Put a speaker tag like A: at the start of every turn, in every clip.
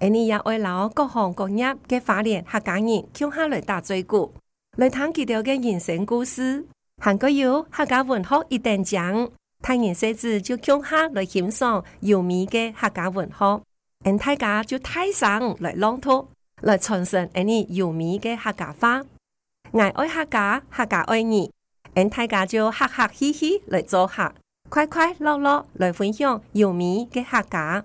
A: 你又愛攞各行各業嘅法律客家言，共下來打嘴鼓，嚟談及到嘅人生故事。行過要客家文化一定漲，天然設置就共下來欣賞有名嘅客家文化。大家就太上來攏拖，來傳承你有名嘅客家話。𠊎 愛客家，客家愛你。大家就哈哈嘻嘻來做客，快快樂樂來分享有名嘅客家。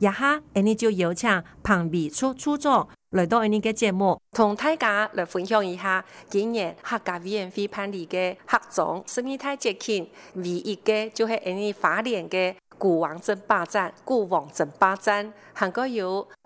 A: 一、啊、下，安尼就邀請旁邊出處長來到安尼個節目，同大家來分享一下今年客家委員會辦理嘅客莊十二大節慶，唯一嘅就係安尼花蓮嘅鼓王爭霸戰，鼓王爭霸戰，還有。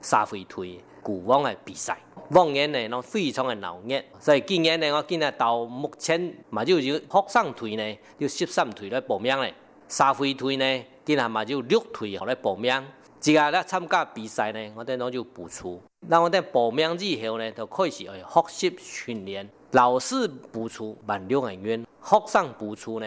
B: 沙飛腿、鼓王嘅比賽，往年呢都非常嘅鬧熱。所以今年呢，我今年到目前，咪就係學生隊咧，要、就、十、是、三隊嚟報名咧，沙飛腿咧，今年咪就六隊學嚟報名。之後咧參加比賽呢，我哋就補助。咁我得報名之後呢，就開始去複習訓練。老師補助萬六千元，學生補助呢。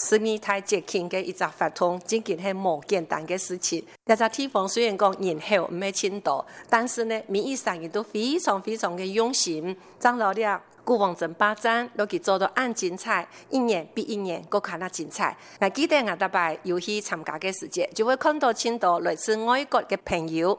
A: 斯密太接近的一扎法通，真嘅係冇簡單嘅事情。一扎地方雖然講人口唔係很多，但是呢，名義上亦都非常非常嘅用心。張老廖古往今巴爭，落去做到咁精彩，一年比一年更加那精彩。嗱，記得我哋白要去參加嘅時節，就會看到很多來自外國嘅朋友。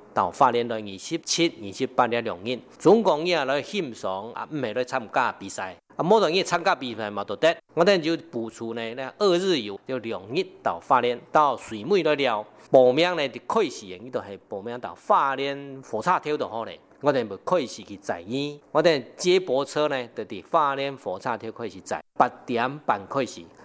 B: 到花蓮來二十七、二十八列兩日，總共伊啊來欣賞，啊唔係來參加比賽，啊冇同伊參加比賽嘛，冇得我等就部署呢，咧二日遊，就兩日到花蓮，到水美來聊。報名呢就開始，伊都係報名到花蓮火車頭就好嘞。我等就開始去載伊，我等接駁車呢就佇花蓮火車頭開始載，八點半開始。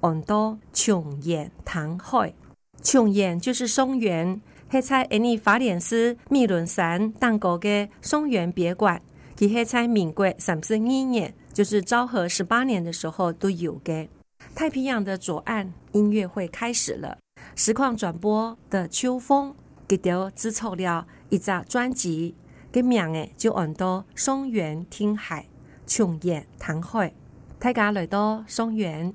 A: 按到瓊岩聽海，瓊岩就是松園，黑彩印利法蓮斯美崙山當過的松園別館，佢黑彩民國三十二年，就是昭和十八年的時候都有嘅。太平洋的左岸音樂會開始了，實況轉播的秋風，佢就製作了一隻專輯，嘅名誒就按到松園聽海，瓊岩聽海，大家來到松園。